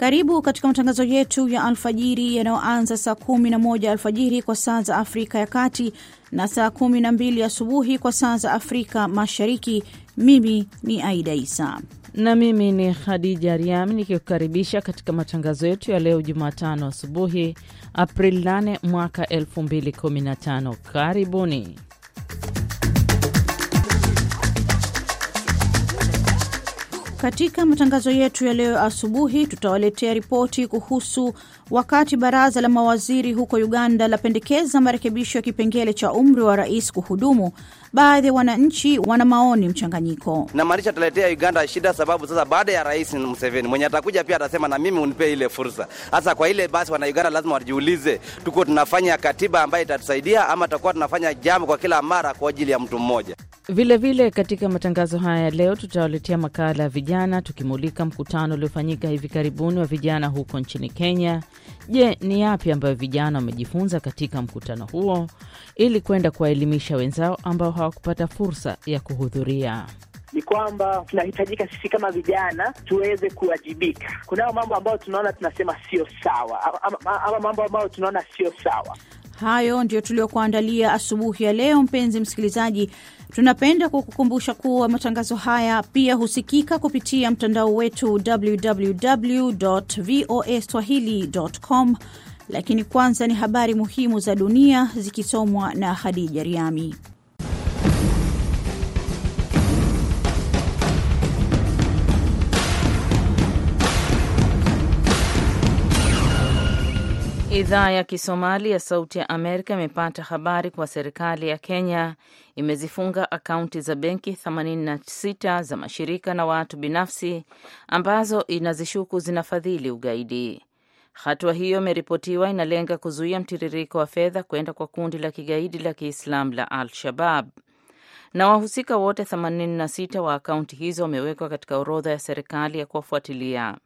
Karibu katika matangazo yetu ya alfajiri yanayoanza saa moja alfajiri kwa saa za Afrika ya Kati na saa mbili asubuhi kwa saa za Afrika Mashariki. Mimi ni Aida Isa na mimi ni Khadija Riami nikikukaribisha katika matangazo yetu ya leo Jumatano asubuhi Aprili 8 mwaka 2015. Karibuni. Katika matangazo yetu ya leo asubuhi tutawaletea ripoti kuhusu Wakati baraza la mawaziri huko Uganda lapendekeza marekebisho ya kipengele cha umri wa rais kuhudumu, baadhi ya wananchi wana maoni mchanganyiko. Namaanisha ataletea Uganda shida, sababu sasa baada ya rais Museveni mwenye atakuja pia atasema na mimi unipe ile fursa. Sasa kwa ile basi, wana Uganda lazima wajiulize, tuko tunafanya katiba ambayo itatusaidia ama tutakuwa tunafanya jambo kwa kila mara kwa ajili ya mtu mmoja? Vilevile vile katika matangazo haya ya leo tutawaletea makala ya vijana, tukimulika mkutano uliofanyika hivi karibuni wa vijana huko nchini Kenya Je, ni yapi ambayo vijana wamejifunza katika mkutano huo ili kwenda kuwaelimisha wenzao ambao hawakupata fursa ya kuhudhuria? Ni kwamba tunahitajika sisi kama vijana tuweze kuwajibika. kunayo mambo ambayo tunaona tunasema sio sawa, ama, ama mambo ambayo tunaona sio sawa. Hayo ndio tuliyokuandalia asubuhi ya leo. Mpenzi msikilizaji, tunapenda kukukumbusha kuwa matangazo haya pia husikika kupitia mtandao wetu www voa swahili com, lakini kwanza ni habari muhimu za dunia zikisomwa na hadija Riami. Idhaa ya Kisomali ya Sauti ya Amerika imepata habari kuwa serikali ya Kenya imezifunga akaunti za benki 86 za mashirika na watu binafsi ambazo inazishuku zinafadhili ugaidi. Hatua hiyo imeripotiwa inalenga kuzuia mtiririko wa fedha kwenda kwa kundi la kigaidi la Kiislamu la Al-Shabab na wahusika wote 86 wa akaunti hizo wamewekwa katika orodha ya serikali ya kuwafuatilia.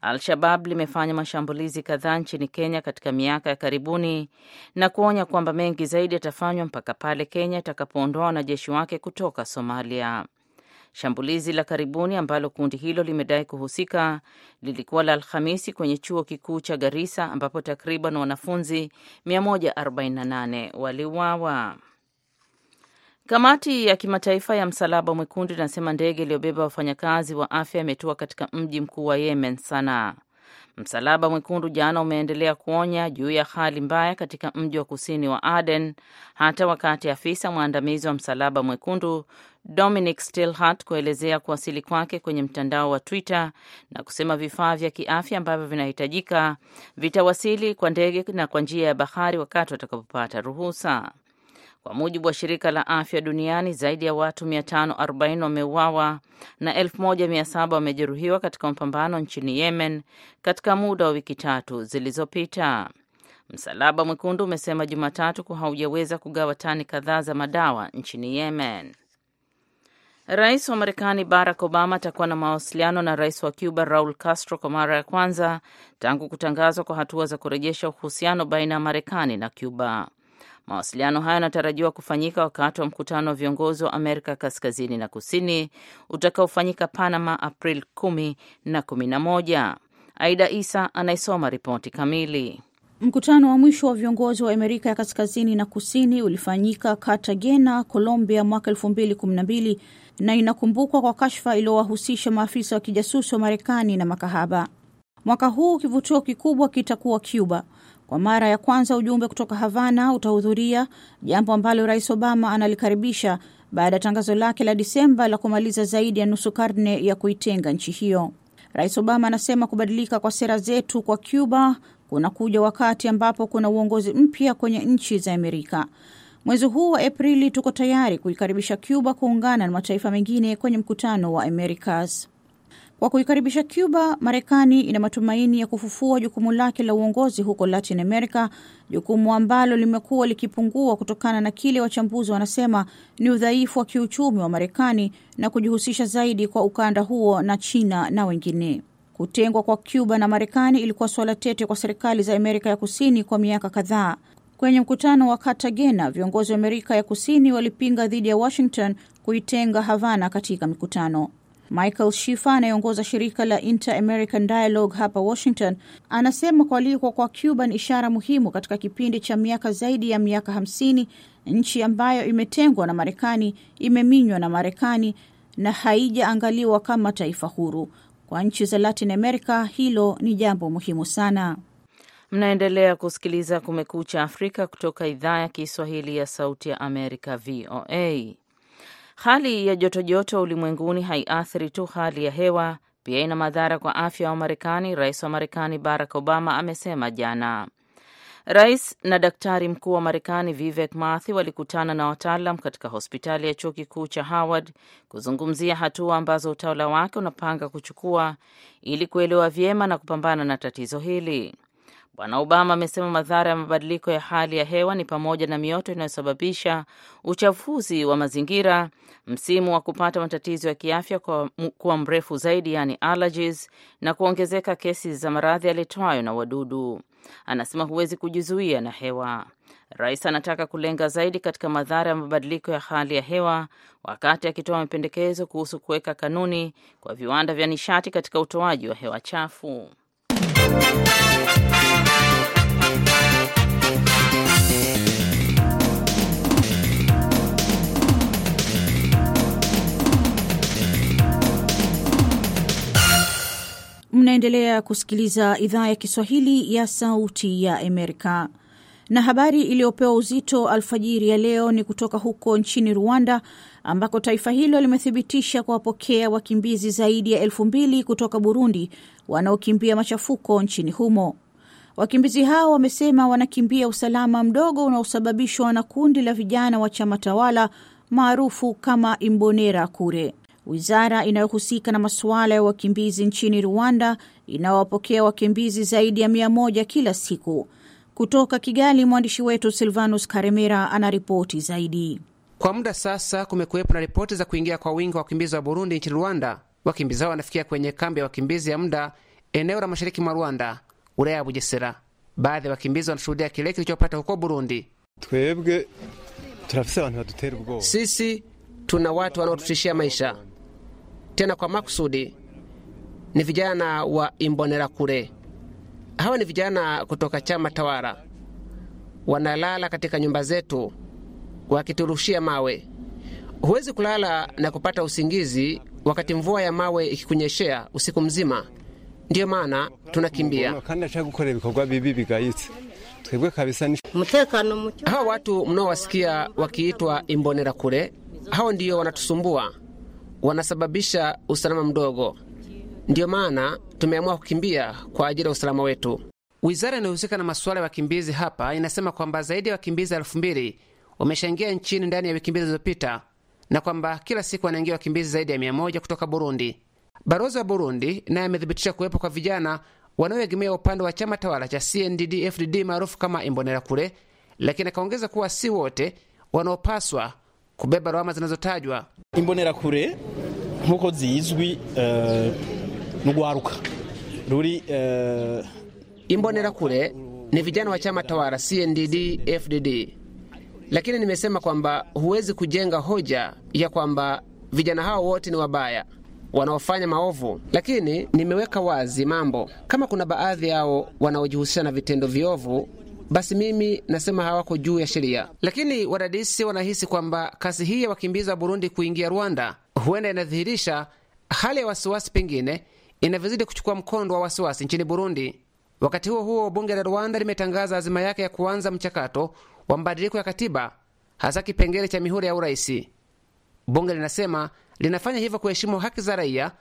Al-Shabab limefanya mashambulizi kadhaa nchini Kenya katika miaka ya karibuni na kuonya kwamba mengi zaidi yatafanywa mpaka pale Kenya itakapoondoa wanajeshi wake kutoka Somalia. Shambulizi la karibuni ambalo kundi hilo limedai kuhusika lilikuwa la Alhamisi kwenye chuo kikuu cha Garissa ambapo takriban wanafunzi 148 waliuawa. Kamati ya kimataifa ya Msalaba Mwekundu inasema ndege iliyobeba wafanyakazi wa afya imetua katika mji mkuu wa Yemen, Sanaa. Msalaba Mwekundu jana umeendelea kuonya juu ya hali mbaya katika mji wa kusini wa Aden hata wakati afisa mwandamizi wa Msalaba Mwekundu Dominic Stillhart kuelezea kuwasili kwake kwenye mtandao wa Twitter na kusema vifaa vya kiafya ambavyo vinahitajika vitawasili kwa ndege na kwa njia ya bahari wakati watakapopata ruhusa. Kwa mujibu wa shirika la afya duniani, zaidi ya watu 540 wameuawa na 1700 wamejeruhiwa katika mapambano nchini Yemen katika muda wa wiki tatu zilizopita. Msalaba Mwekundu umesema Jumatatu kuwa haujaweza kugawa tani kadhaa za madawa nchini Yemen. Rais wa Marekani Barack Obama atakuwa na mawasiliano na rais wa Cuba Raul Castro kwa mara ya kwanza tangu kutangazwa kwa hatua za kurejesha uhusiano baina ya Marekani na Cuba. Mawasiliano haya yanatarajiwa kufanyika wakati wa mkutano wa viongozi wa Amerika kaskazini na kusini utakaofanyika Panama April 10 na 11. Aida Isa anayesoma ripoti kamili. Mkutano wa mwisho wa viongozi wa Amerika ya kaskazini na kusini ulifanyika Cartagena, Colombia mwaka 2012 na inakumbukwa kwa kashfa iliyowahusisha maafisa wa kijasusi wa Marekani na makahaba. Mwaka huu kivutio kikubwa kitakuwa Cuba kwa mara ya kwanza ujumbe kutoka Havana utahudhuria, jambo ambalo Rais Obama analikaribisha baada ya tangazo lake la Disemba la kumaliza zaidi ya nusu karne ya kuitenga nchi hiyo. Rais Obama anasema kubadilika kwa sera zetu kwa Cuba kuna kuja wakati ambapo kuna uongozi mpya kwenye nchi za Amerika. Mwezi huu wa Aprili tuko tayari kuikaribisha Cuba kuungana na mataifa mengine kwenye mkutano wa Americas. Kwa kuikaribisha Cuba, Marekani ina matumaini ya kufufua jukumu lake la uongozi huko Latin America, jukumu ambalo limekuwa likipungua kutokana na kile wachambuzi wanasema ni udhaifu wa kiuchumi wa Marekani na kujihusisha zaidi kwa ukanda huo na China na wengine. Kutengwa kwa Cuba na Marekani ilikuwa suala tete kwa serikali za Amerika ya Kusini kwa miaka kadhaa. Kwenye mkutano wa Cartagena, viongozi wa Amerika ya Kusini walipinga dhidi ya Washington kuitenga Havana katika mikutano Michael Shifa anayeongoza shirika la Inter-American Dialogue hapa Washington anasema kualikwa kwa Cuba ni ishara muhimu katika kipindi cha miaka zaidi ya miaka hamsini, nchi ambayo imetengwa na Marekani, imeminywa na Marekani na haijaangaliwa kama taifa huru. Kwa nchi za Latin America hilo ni jambo muhimu sana. Mnaendelea kusikiliza Kumekucha Afrika kutoka idhaa ya Kiswahili ya Sauti ya Amerika, VOA. Hali ya joto joto ulimwenguni haiathiri tu hali ya hewa, pia ina madhara kwa afya ya Wamarekani, rais wa Marekani Barack Obama amesema jana. Rais na daktari mkuu wa Marekani Vivek Murthy walikutana na wataalam katika hospitali ya chuo kikuu cha Howard kuzungumzia hatua ambazo utawala wake unapanga kuchukua ili kuelewa vyema na kupambana na tatizo hili. Bwana Obama amesema madhara ya mabadiliko ya hali ya hewa ni pamoja na mioto inayosababisha uchafuzi wa mazingira, msimu wa kupata matatizo ya kiafya kwa kuwa mrefu zaidi, yani allergies, na kuongezeka kesi za maradhi yaletwayo na wadudu. Anasema huwezi kujizuia na hewa. Rais anataka kulenga zaidi katika madhara ya mabadiliko ya hali ya hewa wakati akitoa mapendekezo kuhusu kuweka kanuni kwa viwanda vya nishati katika utoaji wa hewa chafu. Mnaendelea kusikiliza idhaa ya Kiswahili ya Sauti ya Amerika, na habari iliyopewa uzito alfajiri ya leo ni kutoka huko nchini Rwanda, ambako taifa hilo limethibitisha kuwapokea wakimbizi zaidi ya elfu mbili kutoka Burundi wanaokimbia machafuko nchini humo. Wakimbizi hao wamesema wanakimbia usalama mdogo unaosababishwa na kundi la vijana wa chama tawala maarufu kama Imbonera Kure. Wizara inayohusika na masuala ya wakimbizi nchini Rwanda inawapokea wakimbizi zaidi ya mia moja kila siku. Kutoka Kigali, mwandishi wetu Silvanus Karemera anaripoti zaidi. Kwa muda sasa kumekuwepo na ripoti za kuingia kwa wingi wa wakimbizi wa Burundi nchini Rwanda. Wakimbizi hao wanafikia kwenye kambi ya wakimbizi ya muda eneo la mashariki mwa Rwanda, wilaya ya Bugesera. Baadhi ya wakimbizi wanashuhudia kile kilichopata huko Burundi. Sisi tuna watu wanaotutishia maisha tena kwa makusudi, ni vijana wa kure. Hawa ni vijana kutoka chama tawala, wanalala katika nyumba zetu wakiturushia mawe. Huwezi kulala na kupata usingizi wakati mvua ya mawe ikikunyeshea usiku mzima. Ndiyo maana tunakimbia. Hawa watu mnaowasikia wakiitwa kure, hawa ndiyo wanatusumbua wanasababisha usalama mdogo. Ndiyo maana tumeamua kukimbia kwa ajili ya usalama wetu. Wizara inayohusika na masuala ya wakimbizi hapa inasema kwamba zaidi ya wakimbizi elfu mbili wameshaingia nchini ndani ya wiki mbili zilizopita na kwamba kila siku wanaingia wakimbizi zaidi ya mia moja kutoka Burundi. Balozi wa Burundi naye amethibitisha kuwepo kwa vijana wanaoegemea upande wa chama tawala cha CNDD-FDD maarufu kama Imbonerakure, lakini akaongeza kuwa si wote wanaopaswa kubeba lawama zinazotajwa. kure nkuko zizwi uh, nugwaruka ruri uh... kure ni vijana wa chama tawala CNDD FDD, lakini nimesema kwamba huwezi kujenga hoja ya kwamba vijana hao wote ni wabaya wanaofanya maovu, lakini nimeweka wazi mambo. Kama kuna baadhi yao wanaojihusisha na vitendo viovu basi mimi nasema hawako juu ya sheria. Lakini wadadisi wanahisi kwamba kasi hii ya wakimbizi wa Burundi kuingia Rwanda huenda inadhihirisha hali ya wasiwasi pengine inavyozidi kuchukua mkondo wa wasiwasi nchini Burundi. Wakati huo huo, bunge la Rwanda limetangaza azima yake ya kuanza mchakato wa mabadiliko ya katiba, hasa kipengele cha mihula ya uraisi. Bunge linasema linafanya hivyo kuheshimu haki za raia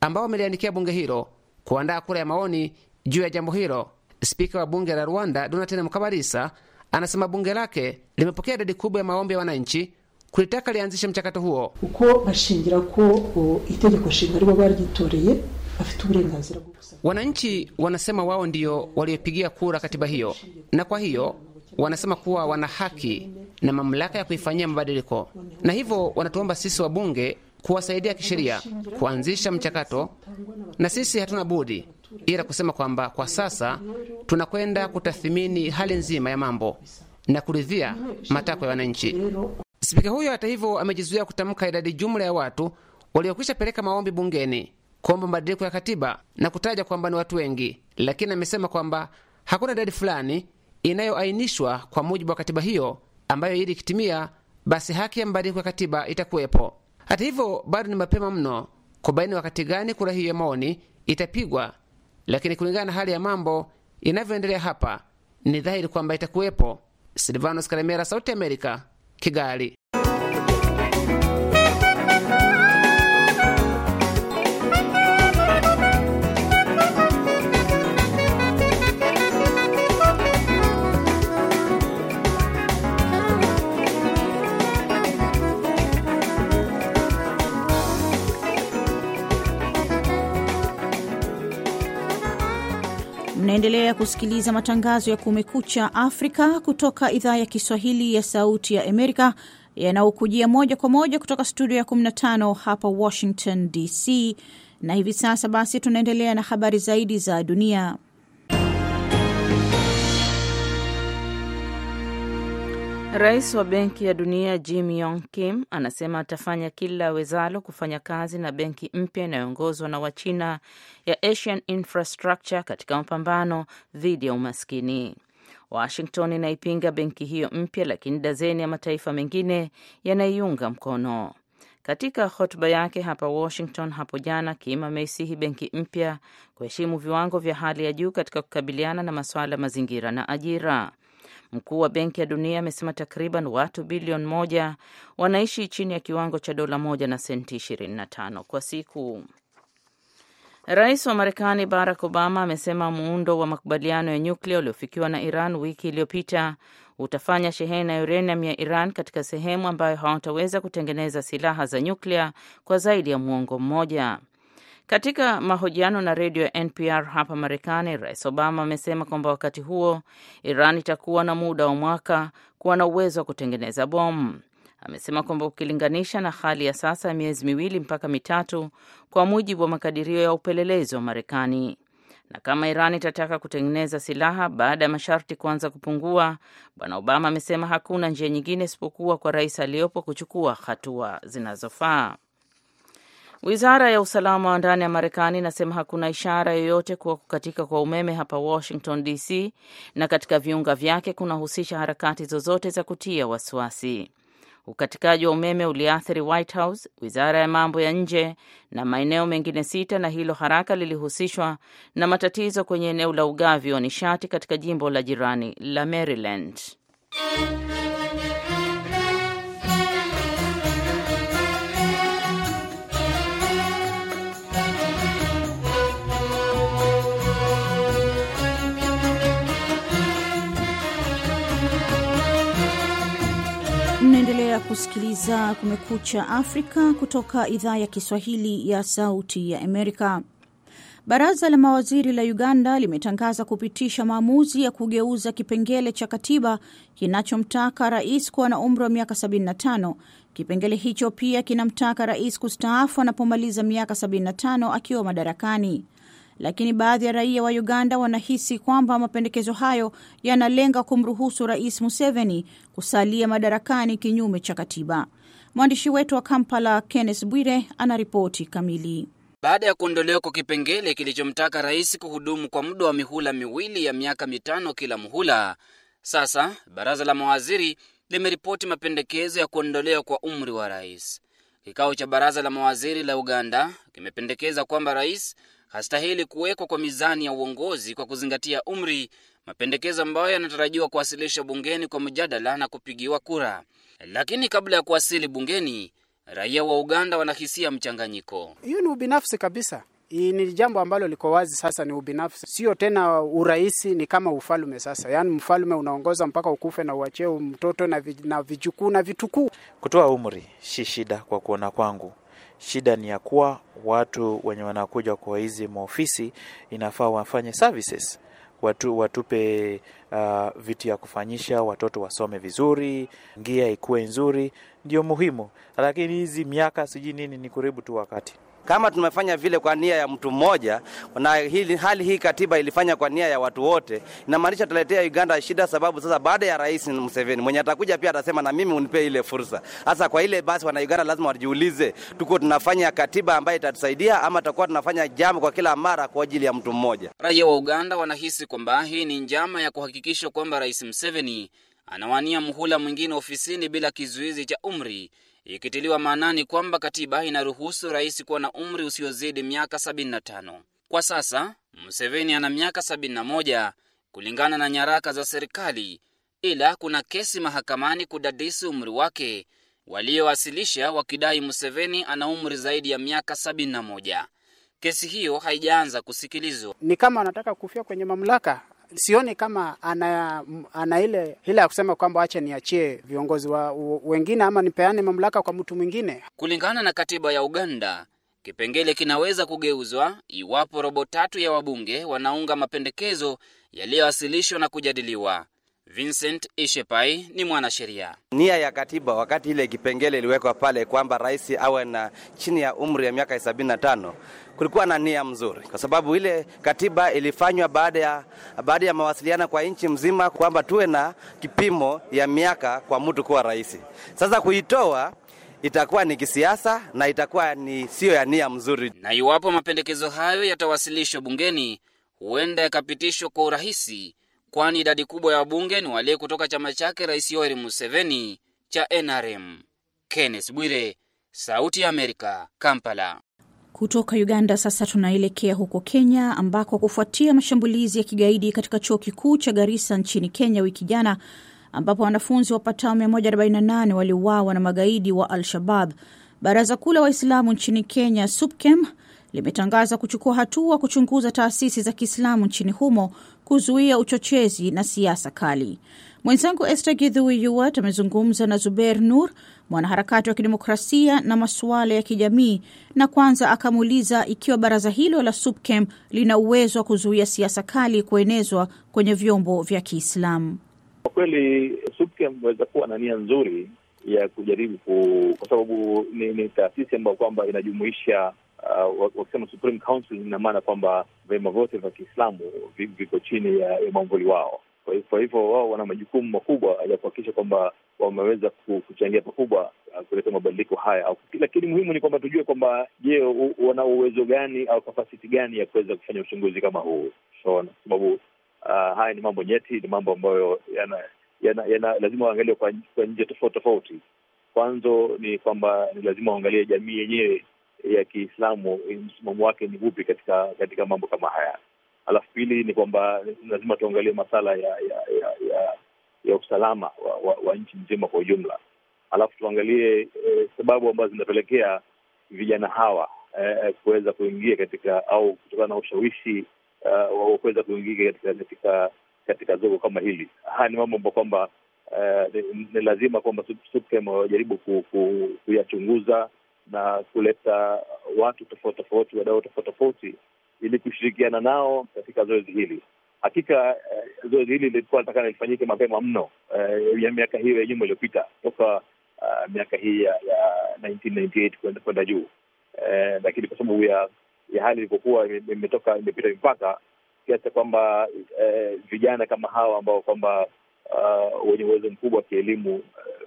ambao wameliandikia bunge hilo kuandaa kura ya maoni juu ya jambo hilo. Spika wa bunge la Rwanda Donatien Mukabarisa anasema bunge lake limepokea idadi kubwa ya maombi ya wananchi kulitaka lianzishe mchakato huo uko bashingira ko itegeko shinga ribo baryitoreye afite uburenganzira bwo gusaba. Wananchi wanasema wao ndiyo waliopigia kura katiba hiyo, na kwa hiyo wanasema kuwa wana haki na mamlaka ya kuifanyia mabadiliko, na hivyo wanatuomba sisi wabunge kuwasaidia kisheria kuanzisha mchakato, na sisi hatuna budi ila kusema kwamba kwa sasa tunakwenda kutathimini hali nzima ya mambo na kuridhia matakwa ya wananchi. Spika huyo hata hivyo amejizuia kutamka idadi jumla ya watu waliokwisha peleka maombi bungeni kuomba mabadiliko ya katiba na kutaja kwamba ni watu wengi, lakini amesema kwamba hakuna idadi fulani inayoainishwa kwa mujibu wa katiba hiyo ambayo ili ikitimia basi haki ya mabadiliko ya katiba itakuwepo. Hata hivyo bado ni mapema mno kubaini wakati gani kura hiyo ya maoni itapigwa lakini kulingana na hali ya mambo inavyoendelea hapa ni dhahiri kwamba itakuwepo. Silvanos Karemera, Sauti Amerika, Kigali. Mnaendelea kusikiliza matangazo ya Kumekucha Afrika kutoka idhaa ya Kiswahili ya Sauti ya Amerika yanayokujia moja kwa moja kutoka studio ya 15 hapa Washington DC. Na hivi sasa basi, tunaendelea na habari zaidi za dunia. Rais wa Benki ya Dunia Jim Yong Kim anasema atafanya kila awezalo kufanya kazi na benki mpya inayoongozwa na Wachina ya Asian Infrastructure katika mapambano dhidi ya umaskini. Washington inaipinga benki hiyo mpya, lakini dazeni ya mataifa mengine yanaiunga mkono. Katika hotuba yake hapa Washington hapo jana, Kim ameisihi benki mpya kuheshimu viwango vya hali ya juu katika kukabiliana na masuala mazingira na ajira. Mkuu wa Benki ya Dunia amesema takriban watu bilioni moja wanaishi chini ya kiwango cha dola moja na senti 25 kwa siku. Rais wa Marekani Barack Obama amesema muundo wa makubaliano ya nyuklia uliofikiwa na Iran wiki iliyopita utafanya shehena ya uranium ya Iran katika sehemu ambayo hawataweza kutengeneza silaha za nyuklia kwa zaidi ya muongo mmoja. Katika mahojiano na redio ya NPR hapa Marekani, Rais Obama amesema kwamba wakati huo Iran itakuwa na muda wa mwaka kuwa na uwezo wa kutengeneza bomu. Amesema kwamba ukilinganisha na hali ya sasa ya miezi miwili mpaka mitatu, kwa mujibu wa makadirio ya upelelezi wa Marekani, na kama Iran itataka kutengeneza silaha baada ya masharti kuanza kupungua, Bwana Obama amesema hakuna njia nyingine isipokuwa kwa rais aliyopo kuchukua hatua zinazofaa. Wizara ya usalama wa ndani ya Marekani inasema hakuna ishara yoyote kuwa kukatika kwa umeme hapa Washington DC na katika viunga vyake kunahusisha harakati zozote za kutia wasiwasi. Ukatikaji wa umeme uliathiri White House, wizara ya mambo ya nje na maeneo mengine sita, na hilo haraka lilihusishwa na matatizo kwenye eneo la ugavi wa nishati katika jimbo la jirani la Maryland. Unaendelea kusikiliza Kumekucha Afrika kutoka idhaa ya Kiswahili ya Sauti ya Amerika. Baraza la mawaziri la Uganda limetangaza kupitisha maamuzi ya kugeuza kipengele cha katiba kinachomtaka rais kuwa na umri wa miaka 75. Kipengele hicho pia kinamtaka rais kustaafu anapomaliza miaka 75 akiwa madarakani lakini baadhi ya raia wa Uganda wanahisi kwamba mapendekezo hayo yanalenga kumruhusu Rais Museveni kusalia madarakani kinyume cha katiba. Mwandishi wetu wa Kampala, Kenneth Bwire, anaripoti kamili. Baada ya kuondolewa kwa kipengele kilichomtaka rais kuhudumu kwa muda wa mihula miwili ya miaka mitano kila muhula, sasa baraza la mawaziri limeripoti mapendekezo ya kuondolewa kwa umri wa rais. Kikao cha baraza la mawaziri la Uganda kimependekeza kwamba rais hastahili kuwekwa kwa mizani ya uongozi kwa kuzingatia umri, mapendekezo ambayo yanatarajiwa kuwasilishwa bungeni kwa mjadala na kupigiwa kura. Lakini kabla ya kuwasili bungeni, raia wa Uganda wanahisia mchanganyiko. Hiyo ni ubinafsi kabisa. Hii ni jambo ambalo liko wazi sasa, ni ubinafsi, sio tena urahisi ni kama ufalume sasa. Yaani mfalume unaongoza mpaka ukufe na uachie mtoto na vijukuu na vitukuu. Kutoa umri si shida kwa kuona kwangu Shida ni ya kuwa watu wenye wanakuja kwa hizi maofisi inafaa wafanye services watu watupe uh, vitu ya kufanyisha watoto wasome vizuri, ngia ikuwe nzuri, ndio muhimu. Lakini hizi miaka sijui nini ni karibu tu wakati kama tumefanya vile kwa nia ya mtu mmoja na hili, hali hii katiba ilifanya kwa nia ya watu wote, inamaanisha tuletea Uganda shida, sababu sasa baada ya Rais Museveni mwenye atakuja pia atasema na mimi unipe ile fursa. Sasa kwa ile basi, wana Uganda lazima wajiulize, tuko tunafanya katiba ambayo itatusaidia ama tutakuwa tunafanya jambo kwa kila mara kwa ajili ya mtu mmoja? Raia wa Uganda wanahisi kwamba hii ni njama ya kuhakikisha kwamba Rais Museveni anawania muhula mwingine ofisini bila kizuizi cha umri ikitiliwa maanani kwamba katiba inaruhusu rais kuwa na umri usiozidi miaka 75. Kwa sasa Museveni ana miaka 71 kulingana na nyaraka za serikali, ila kuna kesi mahakamani kudadisi umri wake waliowasilisha wakidai Museveni ana umri zaidi ya miaka 71. Kesi hiyo haijaanza kusikilizwa. Ni kama anataka kufia kwenye mamlaka, sioni kama ana, ana ile hila ya kusema kwamba wacha niachie viongozi wa wengine ama nipeane mamlaka kwa mtu mwingine. Kulingana na katiba ya Uganda, kipengele kinaweza kugeuzwa iwapo robo tatu ya wabunge wanaunga mapendekezo yaliyowasilishwa na kujadiliwa. Vincent Ishepai ni mwanasheria. Nia ya katiba wakati ile kipengele iliwekwa pale kwamba rais awe na chini ya umri ya miaka 75 kulikuwa na nia mzuri, kwa sababu ile katiba ilifanywa baada ya baada ya mawasiliano kwa nchi mzima kwamba tuwe na kipimo ya miaka kwa mtu kuwa rais. Sasa kuitoa itakuwa ni kisiasa na itakuwa ni siyo ya nia mzuri, na iwapo mapendekezo hayo yatawasilishwa bungeni, huenda yakapitishwa kwa urahisi kwani idadi kubwa ya wabunge ni wale kutoka chama chake Rais Yoweri Museveni cha NRM. Kenneth Bwire, Sauti ya Amerika, Kampala. Kutoka Uganda sasa tunaelekea huko Kenya, ambako kufuatia mashambulizi ya kigaidi katika chuo kikuu cha Garissa nchini Kenya wiki jana, ambapo wanafunzi wapatao 148 waliuawa na magaidi wa Al-Shabab, baraza kuu la Waislamu nchini Kenya SUPKEM limetangaza kuchukua hatua kuchunguza taasisi za Kiislamu nchini humo kuzuia uchochezi na siasa kali. Mwenzangu Esther Githui yuat amezungumza na Zuber Nur, mwanaharakati wa kidemokrasia na masuala ya kijamii, na kwanza akamuuliza ikiwa baraza hilo la SUPKEM lina uwezo wa kuzuia siasa kali kuenezwa kwenye vyombo vya Kiislamu. Kwa kweli SUPKEM imeweza kuwa na nia nzuri ya kujaribu ku, kwa sababu ni, ni taasisi ambayo kwamba inajumuisha uh, wakisema Supreme Council ina maana kwamba vyama vyote vya Kiislamu viko chini ya, ya mwamvuli wao. Kwa hivyo wao wana majukumu makubwa ya kuhakikisha kwamba wameweza kuchangia pakubwa uh, kuleta mabadiliko haya, lakini muhimu ni kwamba tujue kwamba je, wana uwezo gani au kapasiti gani ya kuweza kufanya uchunguzi kama huu, kwa so, sababu uh, haya ni mambo nyeti, ni mambo ambayo yana, yana, yana lazima waangalie kwa, kwa njia tofauti tofauti. Kwanzo ni kwamba ni lazima waangalie jamii yenyewe ya Kiislamu eh, msimamo wake ni upi katika katika mambo kama haya. Alafu pili ni kwamba lazima tuangalie masala ya ya ya, ya, ya usalama wa, wa, wa nchi nzima kwa ujumla. Alafu tuangalie eh, sababu ambazo zinapelekea vijana hawa eh, kuweza kuingia katika au kutokana na ushawishi uh, wa kuweza kuingia katika katika katika zogo kama hili. Haya ni mambo ambayo kwamba eh, ni, ni lazima kwamba SUPKEM wajaribu ku, ku, kuyachunguza na kuleta watu tofauti tofauti, wadau tofauti tofauti, ili kushirikiana nao katika zoezi hili. Hakika uh, zoezi hili lilikuwa nataka lifanyike mapema mno uh, ya miaka hiyo ya nyuma iliyopita, toka uh, miaka hii ya, ya 1998 kwenda juu lakini kwa sababu ya, ya hali ilivyokuwa imetoka imepita mipaka kiasi cha kwamba vijana kama hawa ambao kwamba uh, wenye uwezo mkubwa wa kielimu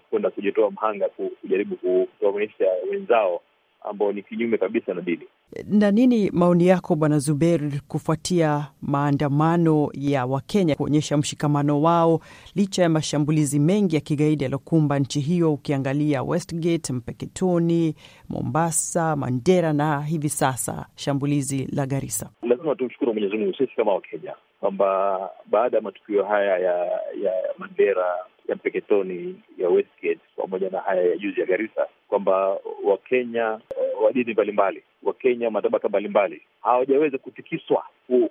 kwenda kujitoa mhanga kujaribu kuwaonyesha wenzao ambao ni kinyume kabisa na dini. Na nini maoni yako Bwana Zuber, kufuatia maandamano ya Wakenya kuonyesha mshikamano wao licha ya mashambulizi mengi ya kigaidi yaliyokumba nchi hiyo, ukiangalia Westgate, Mpeketoni, Mombasa, Mandera na hivi sasa shambulizi la Garissa? Lazima tumshukuru Mwenyezi Mungu sisi kama Wakenya kwamba baada ya matukio haya ya, ya Mandera ya Mpeketoni, ya Westgate pamoja na haya ya juzi ya Garissa kwamba Wakenya wa dini mbalimbali, Wakenya matabaka mbalimbali hawajaweza kutikiswa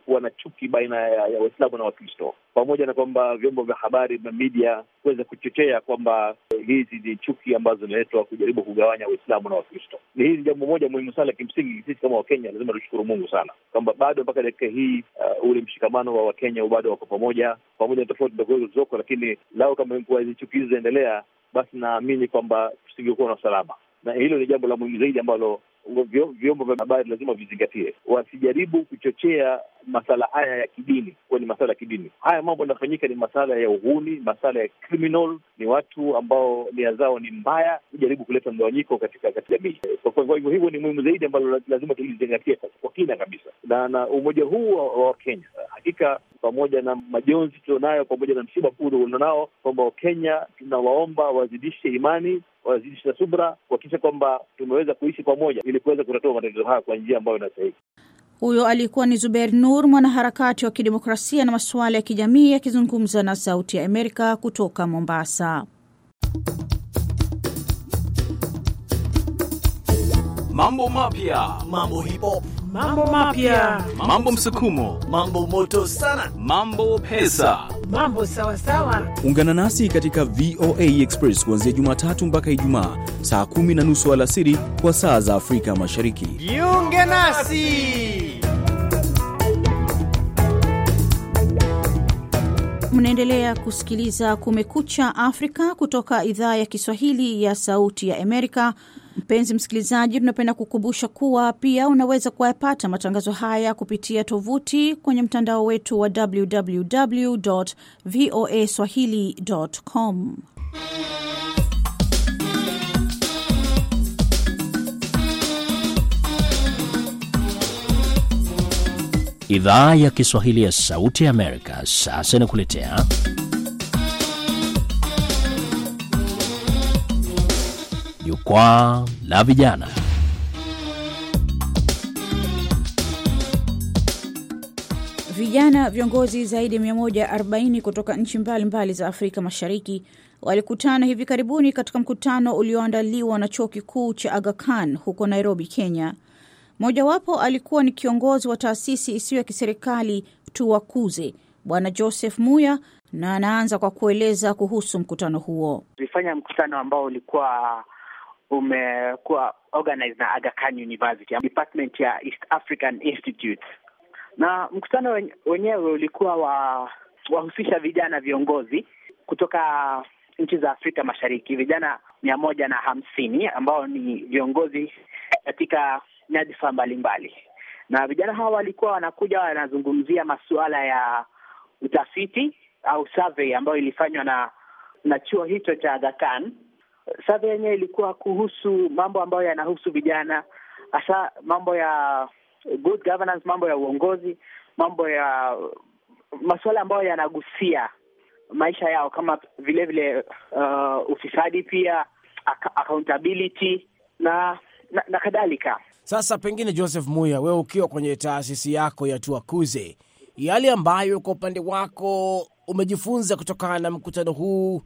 kuwa na chuki baina ya Waislamu na Wakristo, pamoja na kwamba vyombo vya habari na media kuweza kuchochea kwamba hizi ni chuki ambazo zinaletwa kujaribu kugawanya Waislamu na Wakristo. Ni hili jambo moja muhimu sana. Kimsingi sisi kama Wakenya lazima tushukuru Mungu sana kwamba bado mpaka dakika hii uh, ule mshikamano wa Wakenya bado wako pamoja, pamoja na tofauti ndogo zilizoko, lakini lao kama hizi chuki hizi zinaendelea basi naamini kwamba tusingekuwa na usalama, na hilo ni jambo la muhimu zaidi ambalo vyombo vya habari lazima vizingatie, wasijaribu kuchochea masala haya ya kidini kuwa ni masala ya kidini. Haya mambo yanafanyika ni masala ya uhuni, masala ya criminal, ni watu ambao nia zao ni mbaya, kujaribu kuleta mgawanyiko katika jamii. Kwa hivyo hivyo ni muhimu zaidi ambalo lazima tulizingatia kwa kina kabisa, na na umoja huu wa Wakenya hakika pamoja na majonzi tulionayo, pamoja na msiba mkuu ulionao, kwamba Wakenya tunawaomba wazidishe imani, wazidishe subra, kuhakikisha kwamba tumeweza kuishi pamoja ili kuweza kutatua matatizo haya kwa njia ambayo inastahiki. Huyo alikuwa ni Zuber Nur, mwanaharakati wa kidemokrasia na masuala ya kijamii, akizungumza na Sauti ya Amerika kutoka Mombasa. Mambo mapya, mambo hipo, mambo mapya, mambo msukumo, mambo moto sana, mambo pesa, mambo sawasawa. Ungana nasi katika VOA Express kuanzia Jumatatu mpaka Ijumaa saa kumi na nusu alasiri kwa saa za Afrika Mashariki. Jiunge nasi. Mnaendelea kusikiliza Kumekucha Afrika kutoka idhaa ya Kiswahili ya Sauti ya Amerika. Mpenzi msikilizaji, tunapenda kukumbusha kuwa pia unaweza kuyapata matangazo haya kupitia tovuti kwenye mtandao wetu wa www voa swahili com Idhaa ya Kiswahili ya Sauti ya Amerika sasa inakuletea Jukwaa la Vijana. Vijana viongozi zaidi ya 140 kutoka nchi mbalimbali za Afrika Mashariki walikutana hivi karibuni katika mkutano ulioandaliwa na Chuo Kikuu cha agakan huko Nairobi, Kenya Mojawapo alikuwa ni kiongozi wa taasisi isiyo ya kiserikali Tuwakuze, Bwana Joseph Muya, na anaanza kwa kueleza kuhusu mkutano huo. Tulifanya mkutano ambao ulikuwa umekuwa organized na Aga Khan University department ya East African Institute, na mkutano wenyewe ulikuwa wa wahusisha vijana viongozi kutoka nchi za Afrika Mashariki, vijana mia moja na hamsini ambao ni viongozi katika nyadhifa mbalimbali, na vijana hawa walikuwa wanakuja wanazungumzia masuala ya utafiti au survey ambayo ilifanywa na na chuo hicho cha Aga Khan. Survey yenyewe ilikuwa kuhusu mambo ambayo yanahusu vijana, hasa mambo ya good governance, mambo ya uongozi, mambo ya masuala ambayo yanagusia maisha yao kama vile vile uh, ufisadi pia, accountability na na, na kadhalika. Sasa pengine, Joseph Muya, wewe ukiwa kwenye taasisi yako ya Tuakuze, yale ambayo kwa upande wako umejifunza kutokana na mkutano huu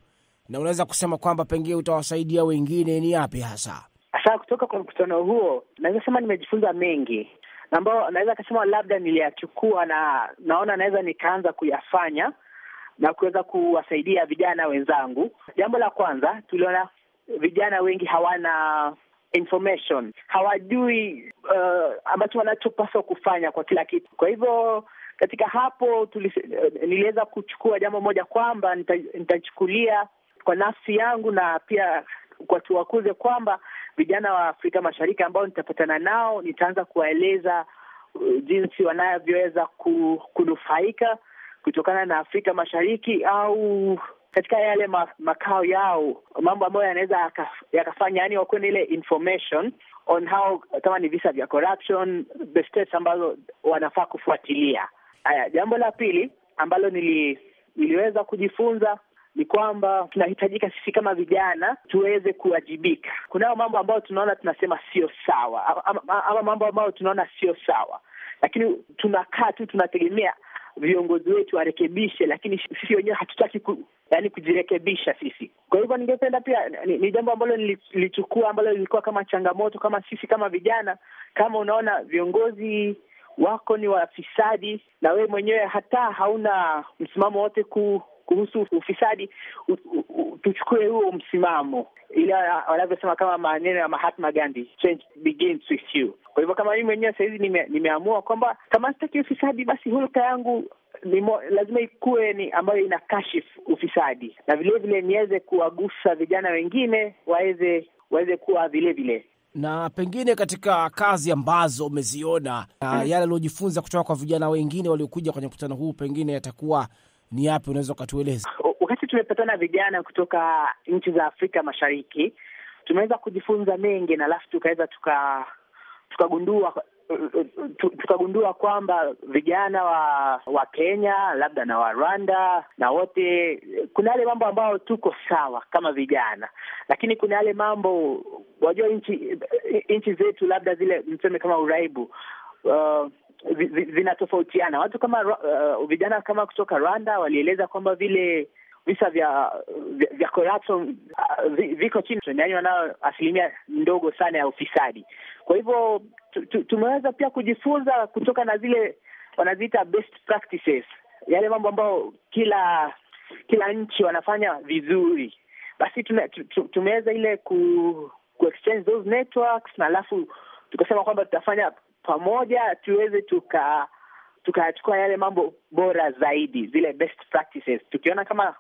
na unaweza kusema kwamba pengine utawasaidia wengine ni yapi hasa? Sasa kutoka kwa mkutano huo naweza sema nimejifunza mengi ambao naweza kasema labda niliyachukua na naona naweza nikaanza kuyafanya na kuweza kuwasaidia vijana wenzangu. Jambo la kwanza, tuliona vijana wengi hawana information, hawajui uh, ambacho wanachopaswa kufanya kwa kila kitu. Kwa hivyo katika hapo uh, niliweza kuchukua jambo moja kwamba nitachukulia kwa nafsi yangu na pia kwa tuwakuze kwamba vijana wa Afrika Mashariki ambao nitapatana nao nitaanza kuwaeleza uh, jinsi wanavyoweza kunufaika kutokana na Afrika Mashariki au katika yale makao yao, mambo ambayo yanaweza yakafanya yani wakuwe na ile information on how, kama ni visa vya corruption, the ambazo wanafaa kufuatilia. Haya, jambo la pili ambalo nili, niliweza kujifunza ni kwamba tunahitajika sisi kama vijana tuweze kuwajibika. Kunayo mambo ambayo tunaona tunasema sio sawa, ama, ama mambo ambayo tunaona sio sawa, lakini tunakaa tu tunategemea viongozi wetu warekebishe, lakini sisi wenyewe hatutaki ku, yani kujirekebisha sisi. Kwa hivyo ningependa pia ni, ni jambo ambalo nilichukua ambalo lilikuwa kama changamoto kama sisi kama vijana, kama unaona viongozi wako ni wafisadi na wewe mwenyewe hata hauna msimamo wote ku kuhusu ufisadi tuchukue huo msimamo, ile wanavyosema kama maneno ya Mahatma Gandhi, change begins with you. Kwa hivyo kama mimi mwenyewe sahizi nime, nimeamua kwamba kama sitaki ufisadi, basi hulka yangu Nimo, lazima ikuwe ni ambayo ina kashifu ufisadi na vilevile niweze kuwagusa vijana wengine waweze waweze kuwa vilevile. Na pengine katika kazi ambazo umeziona na hmm. yale aliojifunza kutoka kwa vijana wengine waliokuja kwenye mkutano huu, pengine yatakuwa ni yapi unaweza ukatueleza? Wakati tumepatana vijana kutoka nchi za Afrika Mashariki, tumeweza kujifunza mengi na alafu tukaweza tuka tukagundua uh, uh, tukagundua kwamba vijana wa wa Kenya labda na wa Rwanda na wote, kuna yale mambo ambayo tuko sawa kama vijana, lakini kuna yale mambo wajua, nchi nchi zetu labda zile mseme kama uraibu, uh, vinatofautiana. Watu kama uh, vijana kama kutoka Rwanda walieleza kwamba vile visa vya vya, vya corruption uh, viko chini, yaani wanao asilimia ndogo sana ya ufisadi. Kwa hivyo tumeweza pia kujifunza kutoka na zile wanaziita best practices, yale mambo ambayo kila kila nchi wanafanya vizuri, basi tumeweza ile ku, ku exchange those networks na alafu tukasema kwamba tutafanya pamoja tuweze tuka yale mambo bora zaidi, zile best practices. Tukiona kama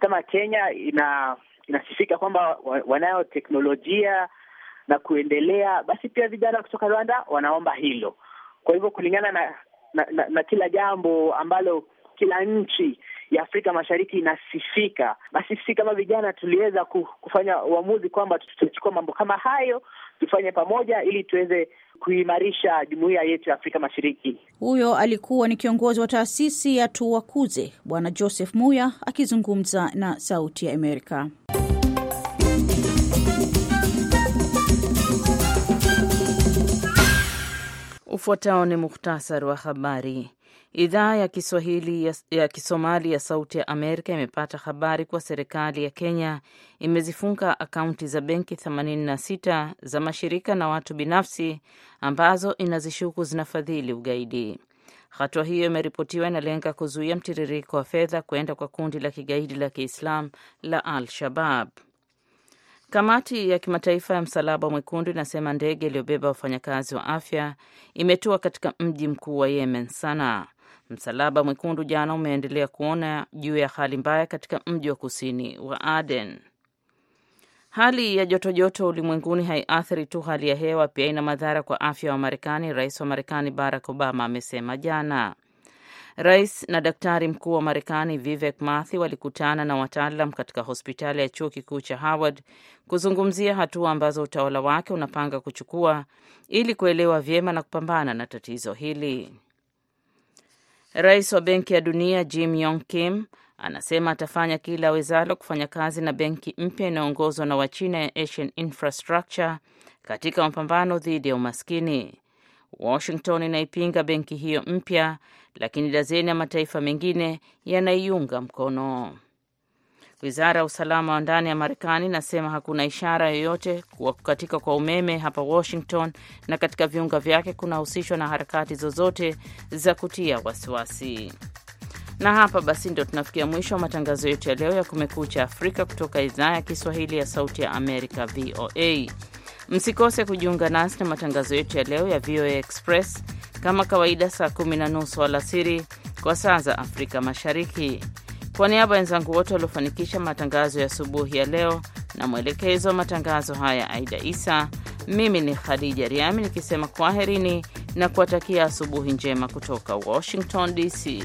kama Kenya ina inasifika kwamba wanayo teknolojia na kuendelea, basi pia vijana kutoka Rwanda wanaomba hilo. Kwa hivyo kulingana na na, na, na kila jambo ambalo kila nchi ya Afrika Mashariki inasifika, basi sisi kama vijana tuliweza kufanya uamuzi kwamba tutachukua mambo kama hayo tufanye pamoja ili tuweze kuimarisha jumuiya yetu ya Afrika Mashariki. Huyo alikuwa ni kiongozi wa taasisi ya Tuwakuze, Bwana Joseph Muya akizungumza na Sauti ya Amerika. Ufuatao ni muhtasari wa habari. Idhaa ya Kiswahili ya, ya Kisomali ya Sauti ya Amerika imepata habari kuwa serikali ya Kenya imezifunga akaunti za benki 86 za mashirika na watu binafsi ambazo inazishuku zinafadhili ugaidi. Hatua hiyo imeripotiwa inalenga kuzuia mtiririko wa fedha kwenda kwa kundi la kigaidi la Kiislam la Al Shabab. Kamati ya kimataifa ya Msalaba Mwekundu inasema ndege iliyobeba wafanyakazi wa afya imetua katika mji mkuu wa Yemen, Sanaa. Msalaba Mwekundu jana umeendelea kuona juu ya hali mbaya katika mji wa kusini wa Aden. Hali ya joto joto ulimwenguni haiathiri tu hali ya hewa, pia ina madhara kwa afya wa Marekani, rais wa Marekani Barack Obama amesema jana. Rais na daktari mkuu wa Marekani Vivek Murthy walikutana na wataalam katika hospitali ya chuo kikuu cha Howard kuzungumzia hatua ambazo utawala wake unapanga kuchukua ili kuelewa vyema na kupambana na tatizo hili. Rais wa Benki ya Dunia Jim Yong Kim anasema atafanya kila awezalo kufanya kazi na benki mpya inayoongozwa na Wachina ya Asian Infrastructure katika mapambano dhidi ya umaskini. Washington inaipinga benki hiyo mpya, lakini dazeni ya mataifa mengine yanaiunga mkono. Wizara ya usalama wa ndani ya Marekani inasema hakuna ishara yoyote kuwa kukatika kwa umeme hapa Washington na katika viunga vyake kunahusishwa na harakati zozote za kutia wasiwasi. Na hapa basi ndio tunafikia mwisho wa matangazo yetu ya leo ya Kumekucha Afrika kutoka idhaa ya Kiswahili ya Sauti ya Amerika, VOA. Msikose kujiunga nasi na matangazo yetu ya leo ya VOA Express kama kawaida, saa kumi na nusu alasiri kwa saa za Afrika Mashariki. Kwa niaba ya wenzangu wote waliofanikisha matangazo ya asubuhi ya leo na mwelekezo wa matangazo haya Aida Isa, mimi ni Khadija Riami nikisema kwaherini na kuwatakia asubuhi njema kutoka Washington DC.